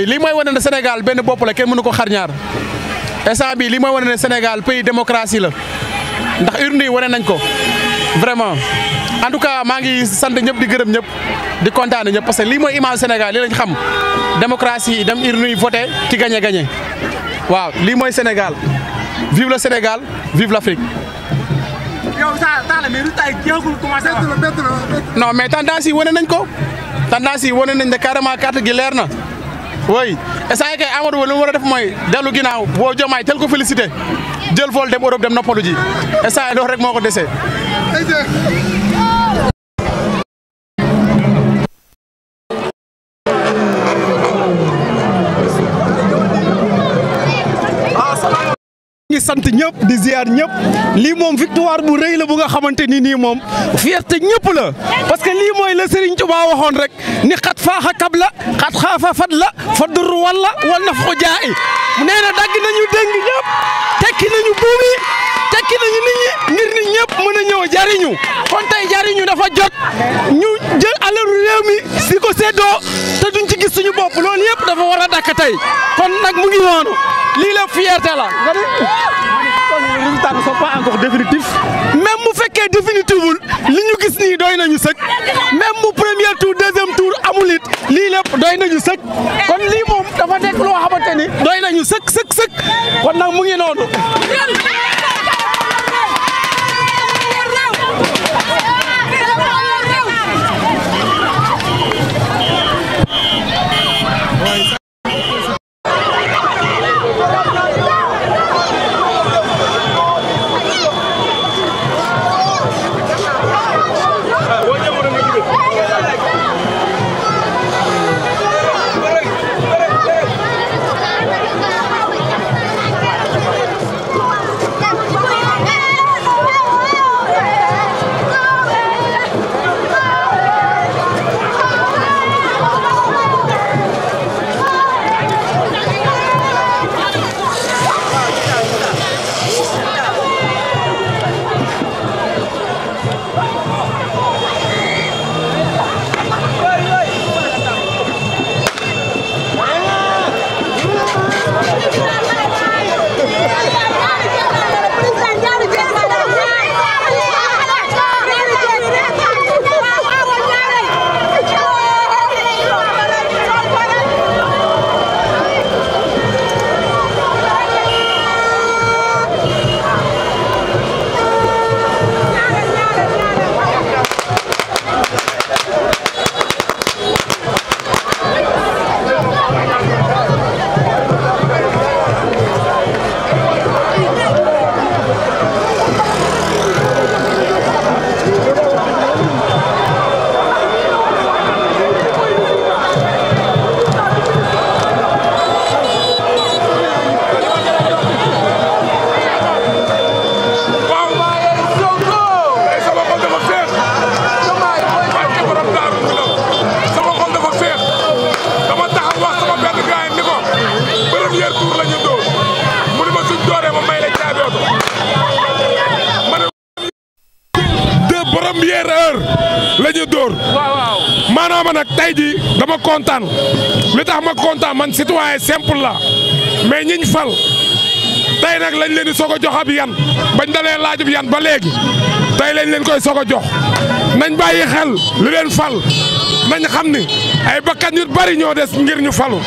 lii mooy wane ne Sénégal benn bopp la kenn mënu ko xar ñaar instant bi lii mooy wane ne Sénégal pays démocratie la ndax urne yi wane nañ ko vraiment en tout cas maa ngi sant ñëpp di gërëm ñëpp di kontaane ñëpp parce que lii mooy image Sénégal lii lañ xam démocratie dem urne yi voté ci gagné gagné waaw lii mooy Sénégal vive le Sénégal vive l'Afrique. yow ça ça la mais résultat yi jeexul commencé mais tendance yi wane nañ ko tendance yi wane nañ ne carrément carte gi leer na. oui instant kay Amadou Ba li mu war a def mooy dellu ginnaaw boo jomaay tel ko félicité jël fool dem Europe dem noppalu ji instant loolu rek moo ko dese. ngi sant ñëpp di ziar ñëpp lii moom victoire bu rëy la bu nga xamante ni nii moom fierté ñëpp la parce que lii mooy la Serigne Touba waxoon rek ni xat faaxa kab la xat xaafa fat la fa dur walla wal na fa jaay nee na dagg nañu déng ñëpp tekki nañu buumi fekki nañu nit ñi ngir nit ñëpp mën a ñëw jariñu kon tey jariñu dafa jot ñu jël alalu réew mi si ko séddoo te duñ ci gis suñu bopp loolu yëpp dafa war a dakk tey kon nag mu ngi noonu lii la fierté la les résultats ne sont pas encore définitifs même bu fekkee définitiful li ñu gis nii doy nañu sëkk même bu premier tour deuxième tour amul it lii lépp doy nañu sëkk kon lii moom dafa nekk loo xamante ni doy nañu sëkk sëkk sëkk kon nag mu ngi noonu kontaan li tax ma kontaan man citoyen simple la mais ñiñ fal tey nag lañ leen di soog a jox ab yan bañ dalee bi yan ba léegi tey lañ leen koy soog a jox nañ bàyyi xel lu leen fal nañ xam ni ay bakkan yu bari ñoo des ngir ñu falu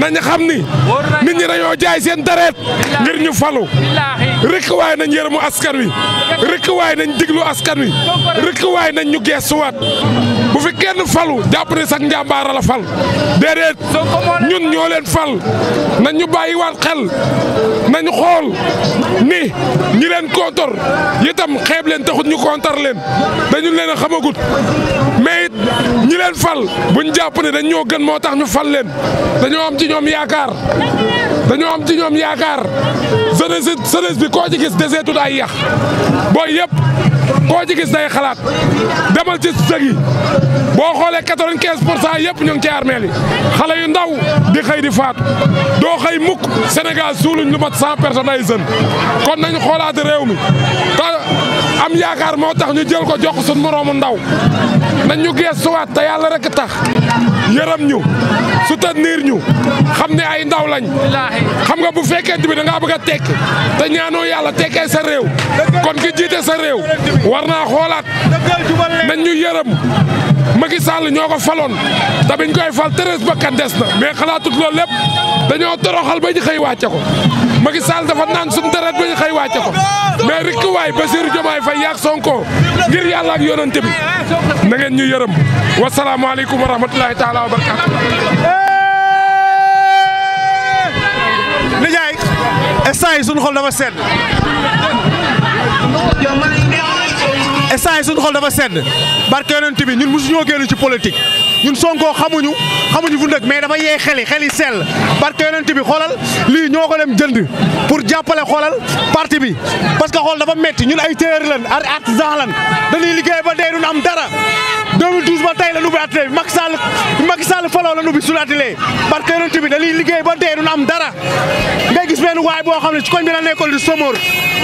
nañ xam ni nit ñi dañoo jaay seen deret ngir ñu falu rëkk waay nañ yërëmu askan wi rëkk waay nañ diglu askan wi rëkk waay nañ ñu geesuwaat kenn falu jàpp ne sax njàmbaara la fal déedéet ñun ñoo leen fal nañ ñu bàyyiwaat xel nañu xool ni ñu leen kontor itam xeeb leen taxut ñu kontar leen dañu leen a xamagut mais ñu ñi leen fal buñ jàpp ne dañ ñoo gën moo tax ñu fal leen dañoo am ci ñoom yaakaar dañoo am ci ñoom yaakaar jeunesse jeunesse bi koo ci gis deseetut ay yax yëpp koo ci gis day xalaat demal ci sëg boo xoolee quatre-vingt-quinze pour cent yëpp ñu ngi ci armeel yi xale yu ndaw di xëy di faatu doo xëy mukk Sénégal suuluñ lu mat cent personnes ay jeunes kon nañ xoolaat réew mi te am yaakaar moo tax ñu jël ko jox suñ moroomu ndaw nañ ñu gees suwaat te yàlla rek tax yërëm ñu soutenir ñu xam ne ay ndaw lañ xam nga bu fekkente bi da ngaa bëgg a tekki te ñaanoo yàlla tekkee sa réew kon ki jiite sa réew war naa xoolaat nañ ñu yërëm Macky Sall ñoo ko faloon te biñ koy fal treize bakkan des na mais xalaatut loolu lépp dañoo toroxal ba ñu xëy wàcce ko Macky Sall dafa naan suñu deret bu ñu xëy wàcce ko mais rikk waay Bassirou Diomaye Faye yaag Sonko ngir yàlla ak yonent bi na ngeen ñu yërëm wasalaamaaleykum wa rahmatulahi taala wa barakaatu. Nijaay instant yi suñu xol dafa sedd instant yi xol dafa sedd barke yonent bi ñun mosuñoo génn ci politique. ñun Sonko xamuñu xamuñu fu ndëkk mais dafa yee xeli xeli sell barke yonent bi xoolal lii ñoo ko dem jënd pour jàppale xoolal parti bi parce que xool dafa metti ñun ay téer lan ar artisan lan dañuy liggéey ba dee duñ am dara 2012 ba tey la ubbi atelier bi Macky Sall Macky Sall faloo la ubbi suñu atelier barke yonent bi dañuy liggéey ba dee duñ am dara ngay gis benn waay boo xam ne ci koñ bi la nekkoon di somoor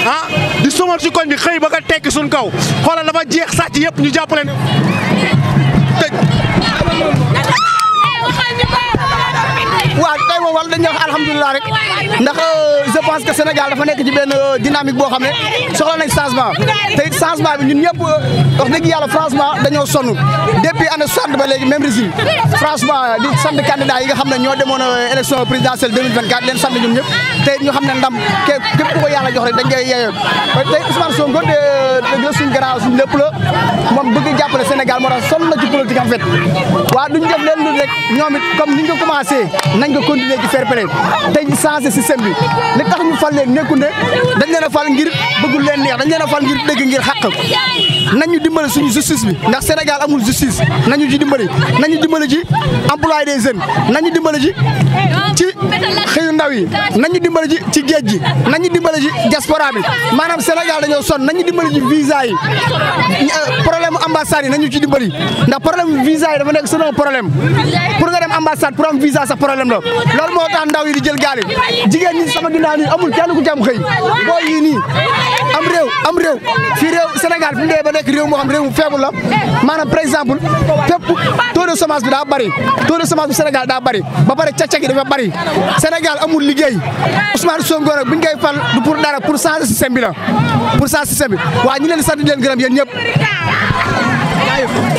ah di somóor ci koñ bi xëy ba nga tekki suñ kaw xoolal dafa jeex sàcc yëpp ñu jàppale waxal ñu ko moom wala dañuy wax alhamdulilah rek ndax euh, je pense que Sénégal dafa nekk ci benn euh, dynamique boo xam ne soxla nañ changement te it changement bi ñun ñëpp euh, wax dëgg yàlla franchement dañoo sonn depuis année soixante ba léegi régime franchement di sant candidat yi nga xam ne ñoo demoon élection présidentielle 2024 leen sant ñun ñëpp te it ñu xam ne ndam képp ku ko yàlla jox rek dañ koy yeyoo tey Ousmane Sonko de de suñ garaaw suñ lépp la moom jàppale Sénégal liggéey ci fair play tey ñu changé système bi li tax ñu fal leen nekku ne dañ leen a fal ngir bëggul a fal ngir dégg ngir xàq bi ndax Sénégal amul justice nañu ci dimbale nañu dimbale ci emploi des jeunes nañu dimbale ci ci xëyu ndaw yi nañu dimbale ci ci géej gi nañu dimbale ci diaspora bi maanaam Sénégal dañoo sonn nañu dimbale ci visa yi problème ambassade yi nañu ci dimbali ndax problème visa yi dafa nekk c'est un problème pour nga dem ambassade pour am visa sa problème la loolu moo tax ndaw di jël gaal jigéen ñi sama ginnaaw nii amul kenn ku jam am boo yii nii am réew am réew fii réew Sénégal ba nekk réew moo xam réew mu faible la maanaam par exemple fépp taux bi daa bari taux de chômage bi Sénégal daa bari ba pare càcc gi dafa bari Sénégal amul liggéey Ousmane Sonko nag bu ñu koy fal du pour dara pour changer système bi la pour changer système bi waaw ñu leen di sant di leen gërëm yéen ñëpp